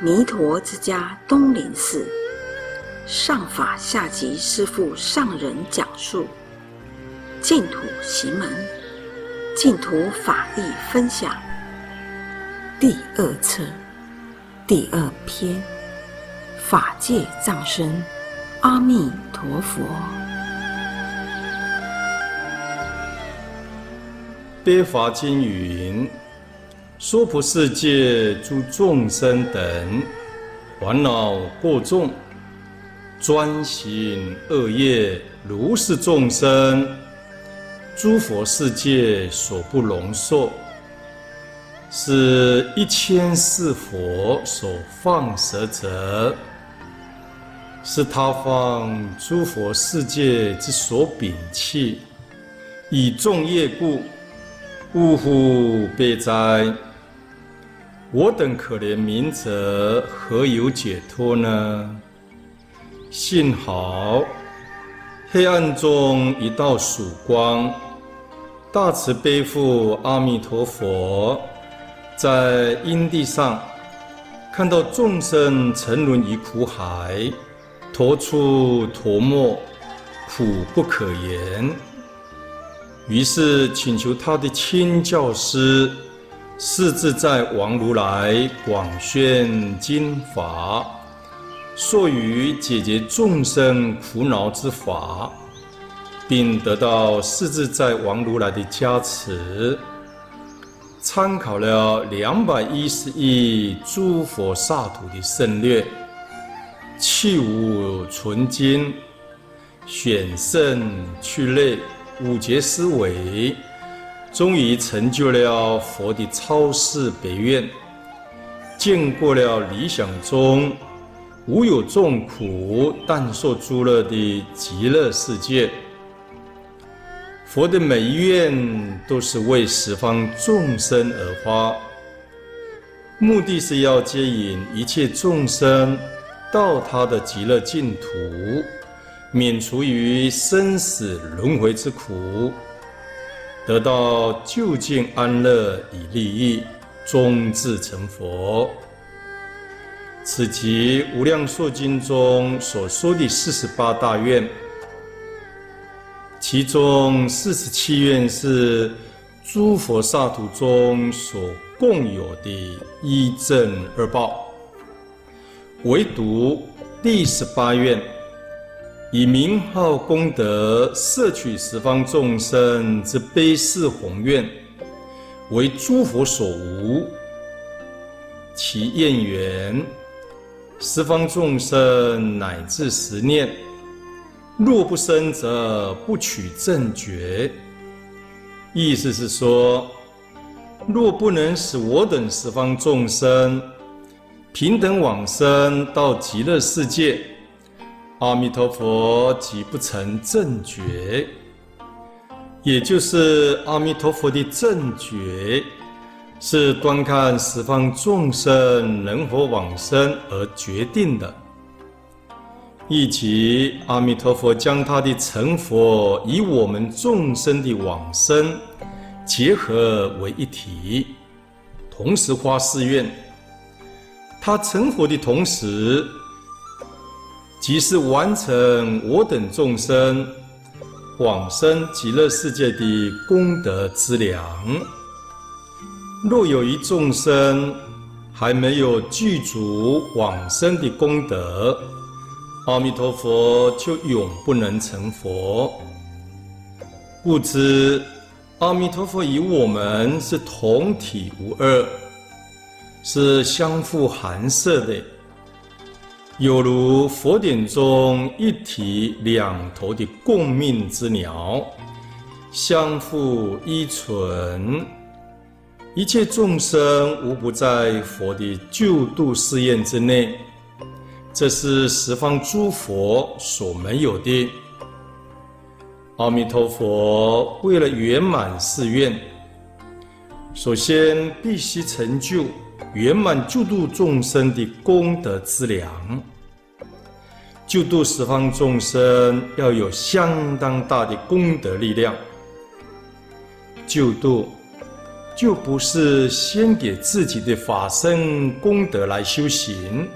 彌陀之家東林寺上法下寂師父上人講述淨土行門，淨土法義分享第二冊第二篇，法界藏身，阿彌陀佛，法金語音。娑婆世界諸眾生等，煩惱過重，專行惡業，如是眾生，諸佛世界所不容受，是一千四佛所放捨者，是他方諸佛世界之所擯棄，以眾業故，嗚呼悲哉！我等可憐愍者何有解脫呢？幸好黑暗中一道曙光，大慈悲父阿彌陀佛在因地上看到眾生沉淪於苦海，陀出陀沒，苦不可言。於是請求他的親教師。世自在王如來廣宣經法，授予解決眾生苦惱之法，並得到世自在王如來的加持，參考了兩百一十億諸佛剎土的勝略，去蕪存菁，選勝去劣，五劫思維。終於成就了佛的超世別願，見過了理想中無有眾苦但受諸樂的極樂世界。佛的每一願都是為十方眾生而發，目的是要接引一切眾生到他的極樂淨土，免除於生死輪回之苦。得到究竟安樂以利益，終至成佛。此即《無量壽經》中所說的四十八大願，其中四十七願是諸佛剎土中所共有的，一正二報，唯獨第十八願。以名號功德攝取十方眾生之悲誓宏願，為諸佛所無。其願緣，十方眾生乃至十念，若不生則不取正覺。意思是說，若不能使我等十方眾生平等往生到極樂世界。阿彌陀佛即不成正覺，也就是阿彌陀佛的正覺，是觀看十方眾生能否往生而決定的。以及阿彌陀佛將他的成佛與我們眾生的往生結合為一體，同時發誓願，他成佛的同時。即是完成我等眾生往生極樂世界的功德資糧。若有一眾生還沒有具足往生的功德，阿彌陀佛就永不能成佛。故知阿彌陀佛與我們是同體無二，是相互含攝的。有如佛典中一體兩頭的共命之鳥，相互依存，一切眾生無不在佛的救度誓願之內，這是十方諸佛所沒有的。阿彌陀佛為了圓滿誓願，首先必須成就。圓滿救度眾生的功德資糧，救度十方眾生要有相當大的功德力量。救度就不是先給自己的法身功德來修行，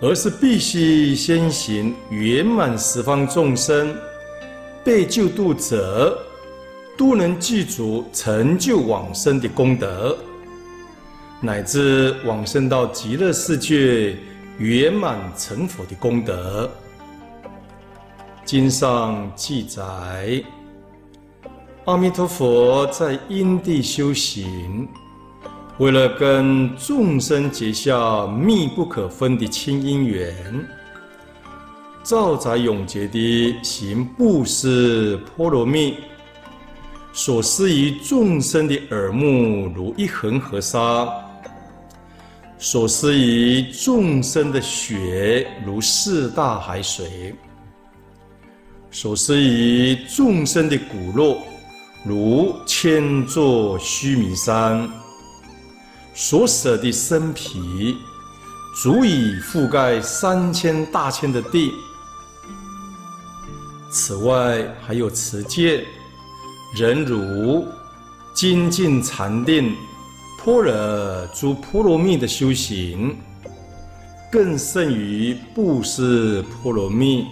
而是必須先行圓滿十方眾生被救度者都能具足成就往生的功德，乃至往生到極樂世界圓滿成佛的功德，經上記載，阿彌陀佛在因地修行，為了跟眾生結下密不可分的親因緣，兆載永劫，的行布施波羅蜜，所施於眾生的耳目，如一恆河沙。所施於眾生的血，如四大海水；所施於眾生的骨肉，如千座須彌山；所舍的身皮，足以覆蓋三千大千的地。此外，還有持戒、忍辱、精進、禪定。般若諸波羅蜜的修行，更勝於布施波羅蜜，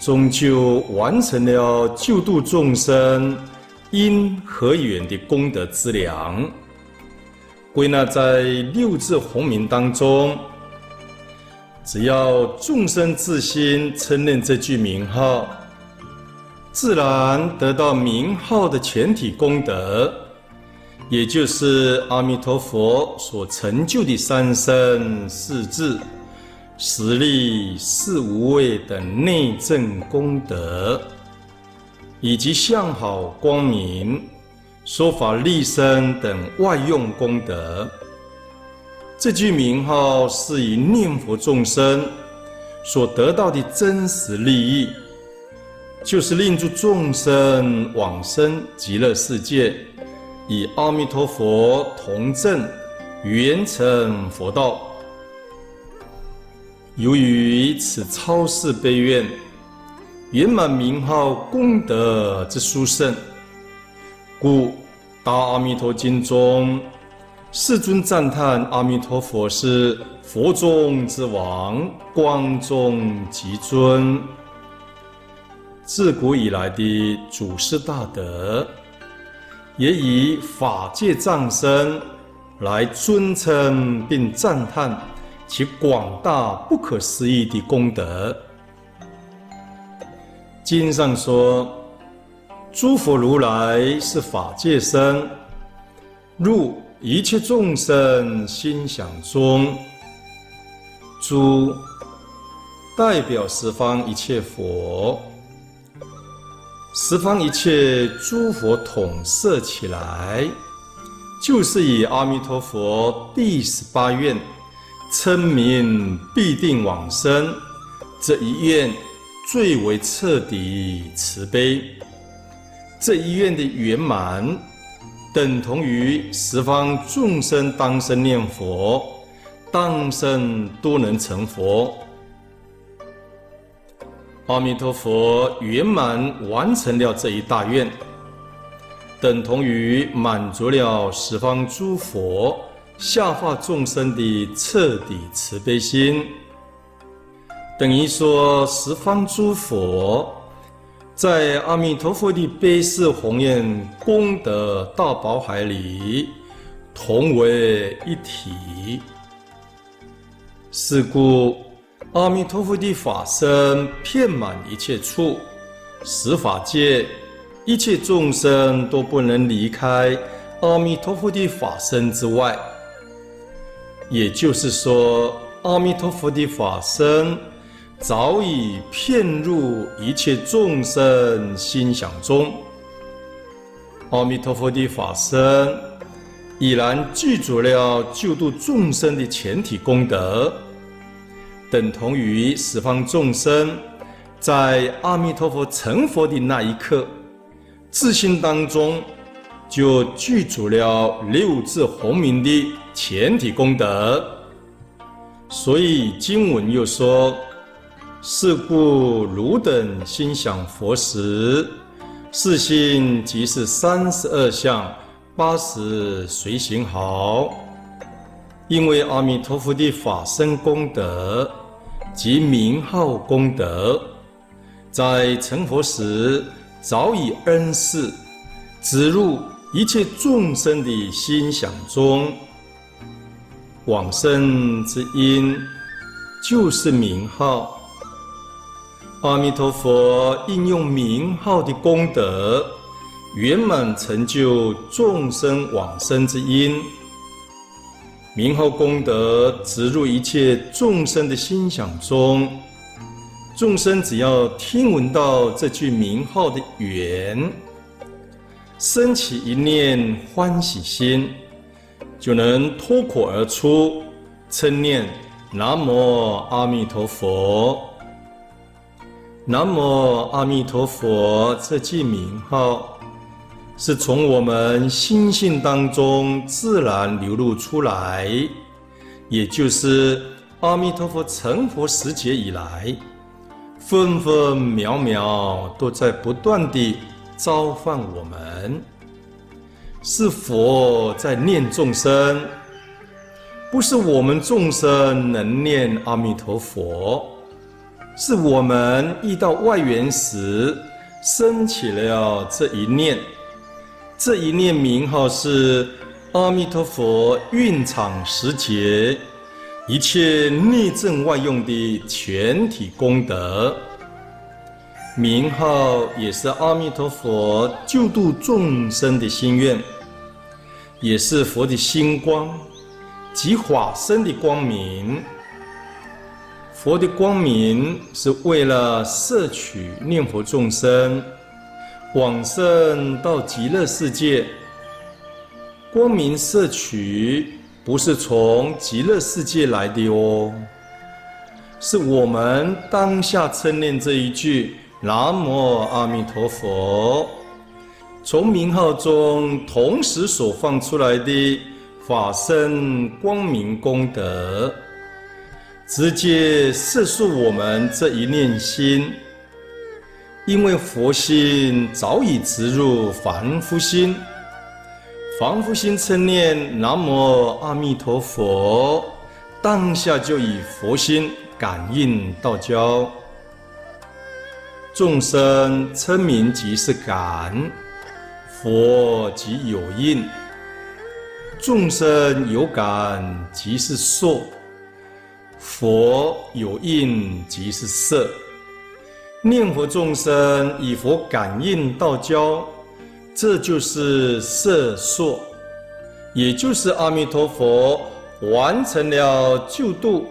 終究完成了救度眾生因和緣的功德之量。歸納在六字洪名當中，只要眾生自心承認這句名號，自然得到名號的全體功德。也就是阿彌陀佛所成就的三身四智、十力四無畏等內證功德，以及相好光明、說法利生等外用功德。這句名號是以念佛眾生所得到的真實利益，就是令諸眾生往生極樂世界。以阿彌陀佛同證圓成佛道，由於此超世悲願圓滿名號功德之殊勝，故大阿彌陀經中，世尊讚嘆阿彌陀佛是佛中之王，光中極尊，自古以來的祖師大德。也以法界藏身來尊稱並讚嘆其廣大不可思議的功德。經上說，諸佛如來是法界身，入一切眾生心想中。諸代表十方一切佛。十方一切諸佛統攝起來，就是以阿彌陀佛第十八願“稱名必定往生”這一願最為徹底慈悲。這一願的圓滿，等同於十方眾生當生念佛，當生都能成佛。阿彌陀佛圓滿完成了這一大願，等同於滿足了十方諸佛下化眾生的徹底慈悲心。等於說，十方諸佛在阿彌陀佛的悲誓宏願功德大寶海裡同為一體，是故。阿彌陀佛的法身遍滿一切處，十法界一切眾生都不能離開阿彌陀佛的法身之外。也就是說，阿彌陀佛的法身早已遍入一切眾生心想中。阿彌陀佛的法身已然具足了救度眾生的前提功德。等同於十方眾生在阿彌陀佛成佛的那一刻，自心當中就具足了六字洪名的全體功德。所以經文又說：“是故汝等心想佛時，是心即是三十二相、八十隨形好。”因為阿彌陀佛的法身功德。即名號功德，在成佛時早已恩賜，植入一切眾生的心想中。往生之因就是名號。阿彌陀佛應用名號的功德，圓滿成就眾生往生之因。名號功德植入一切眾生的心想中，眾生只要聽聞到這句名號的緣，升起一念歡喜心，就能脫口而出稱念“南無阿彌陀佛”，“南無阿彌陀佛”這句名號。是從我們心性當中自然流露出來，也就是阿彌陀佛成佛時節以來，分分秒秒都在不斷地召喚我們。是佛在念眾生，不是我們眾生能念阿彌陀佛，是我們遇到外緣時生起了這一念。這一念名號是阿彌陀佛運場時節，一切內證外用的全體功德。名號也是阿彌陀佛救度眾生的心願，也是佛的心光，即法身的光明。佛的光明是為了攝取念佛眾生。往生到極樂世界，光明攝取不是從極樂世界來的哦，是我們當下稱念這一句“南無阿彌陀佛”，從名號中同時所放出來的法身光明功德，直接攝受我們這一念心。因為佛心早已植入凡夫心，凡夫心稱念南無阿彌陀佛，當下就以佛心感應道交。眾生稱名即是感，佛即有應；眾生有感即是受，佛有應即是色。念佛眾生以佛感應道交，這就是攝受，也就是阿彌陀佛完成了救度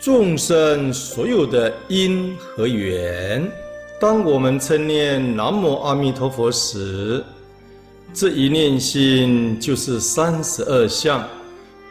眾生所有的因和緣。當我們稱念南無阿彌陀佛時，這一念心就是三十二相、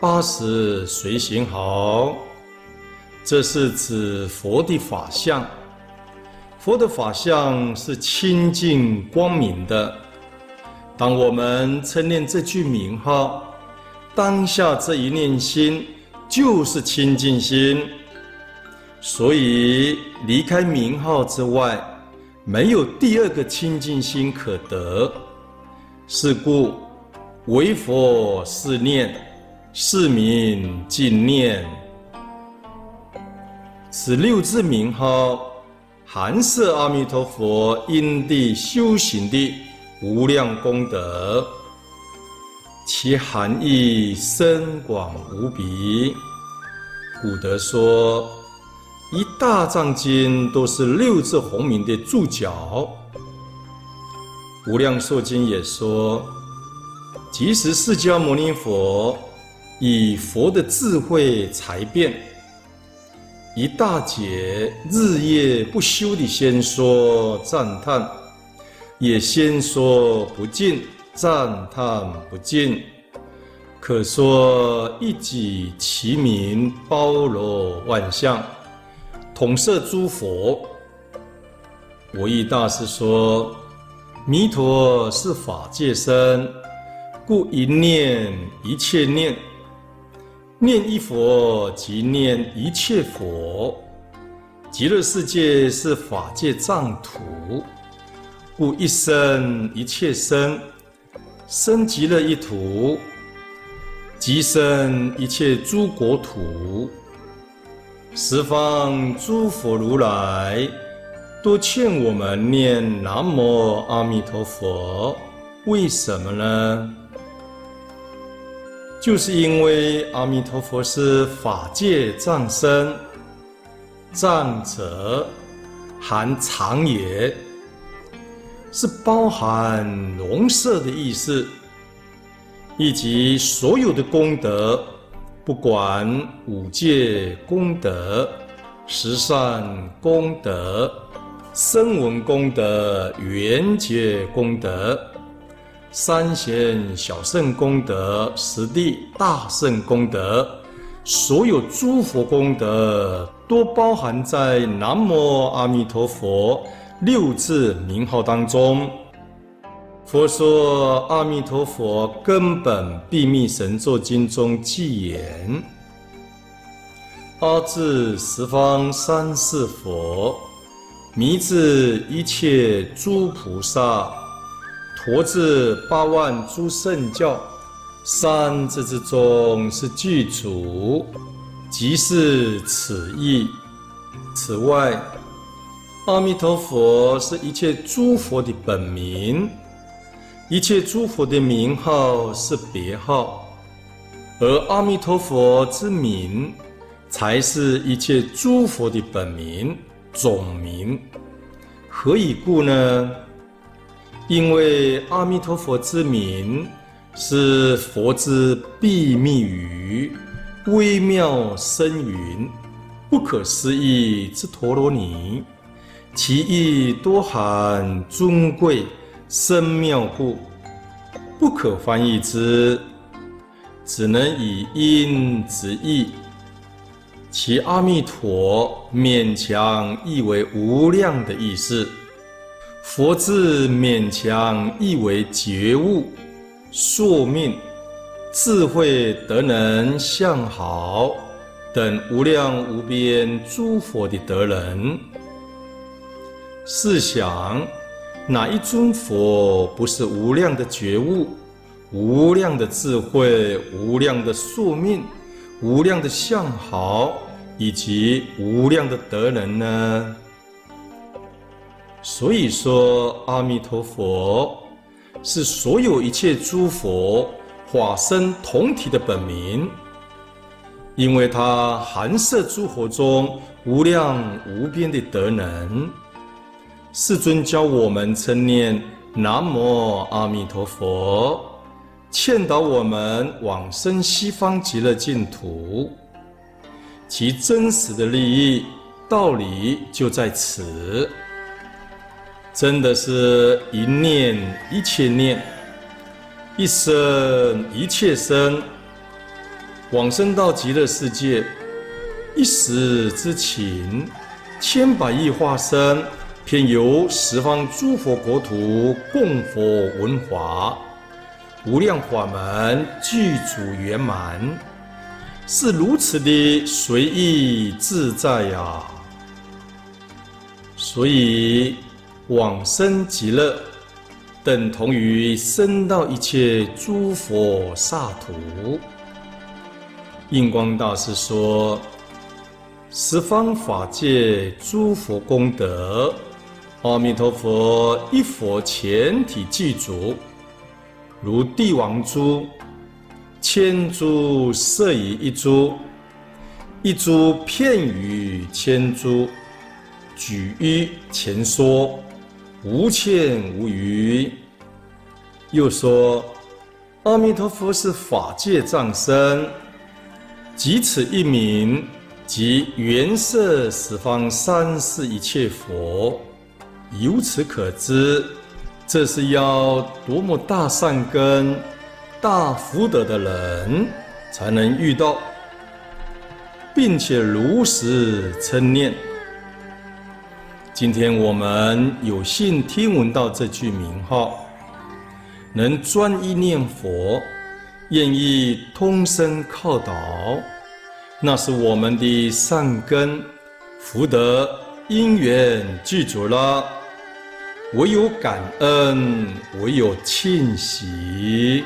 八十隨行好，這是指佛的法相。佛的法相是清淨光明的。當我們稱念這句名號，當下這一念心就是清淨心。所以離開名號之外，沒有第二個清淨心可得。是故，唯佛是念，是名淨念。此六字名號。含攝阿彌陀佛因地修行的無量功德，其含義深廣無比。古德說：“一大藏經都是六字洪名的注腳。”無量壽經也說：“即使釋迦牟尼佛以佛的智慧才辯，一大劫日夜不休地先說讚嘆，也先說不盡讚嘆不盡，可說一己其名包羅萬象，統攝諸佛。蕅益大師說：“彌陀是法界身，故一念一切念。”念一佛即念一切佛，極樂世界是法界藏土，故一生一切生，生極樂一土，即生一切諸國土。十方諸佛如來都勸我們念南無阿彌陀佛，為什麼呢？就是因為阿彌陀佛是法界藏身，藏者含藏也，是包含容攝的意思，以及所有的功德，不管五戒功德、十善功德、聲聞功德、緣覺功德。三賢小聖功德，十地大聖功德，所有諸佛功德，都包含在“南無阿彌陀佛”六字名號當中。佛說《阿彌陀佛根本祕密神咒經》中記言：“阿字十方三世佛，彌字一切諸菩薩。”佛字八萬諸聖教，三字之中是具足，即是此意。此外，阿彌陀佛是一切諸佛的本名，一切諸佛的名號是別號，而阿彌陀佛之名才是一切諸佛的本名、總名。何以故呢？因為阿彌陀佛之名是佛之秘密語，微妙深云，不可思議之陀羅尼，其意多含尊貴、深妙故，不可翻譯之，只能以音直譯。其阿彌陀勉強譯為無量的意思。佛字勉強意為覺悟、壽命、智慧、德能、相好等無量無邊諸佛的德能。試想，哪一尊佛不是無量的覺悟、無量的智慧、無量的壽命、無量的相好以及無量的德能呢？所以說，阿彌陀佛是所有一切諸佛法身同體的本名，因為他含攝諸佛中無量無邊的德能。世尊教我們稱念南無阿彌陀佛，勸導我們往生西方極樂淨土，其真實的利益道理就在此。真的是一念一切念，一生一切生，往生到極樂世界，一時之頃，千百億化身，遍遊十方諸佛國土供佛聞法，無量法門具足圓滿，是如此的隨意自在呀、啊。所以。往生極樂，等同於生到一切諸佛剎土。印光大師說：“十方法界諸佛功德，阿彌陀佛一佛全體具足，如帝王珠，千珠攝於一珠；一珠片於千珠，舉一全收。”無欠無餘。又說：“阿彌陀佛是法界藏身，即此一名，即圓攝十方三世一切佛。”由此可知，這是要多麼大善根、大福德的人，才能遇到，並且如實稱念。今天我們有幸聽聞到這句名號，能專一念佛，願意通身靠倒，那是我們的善根福德因緣具足了，唯有感恩，唯有慶喜。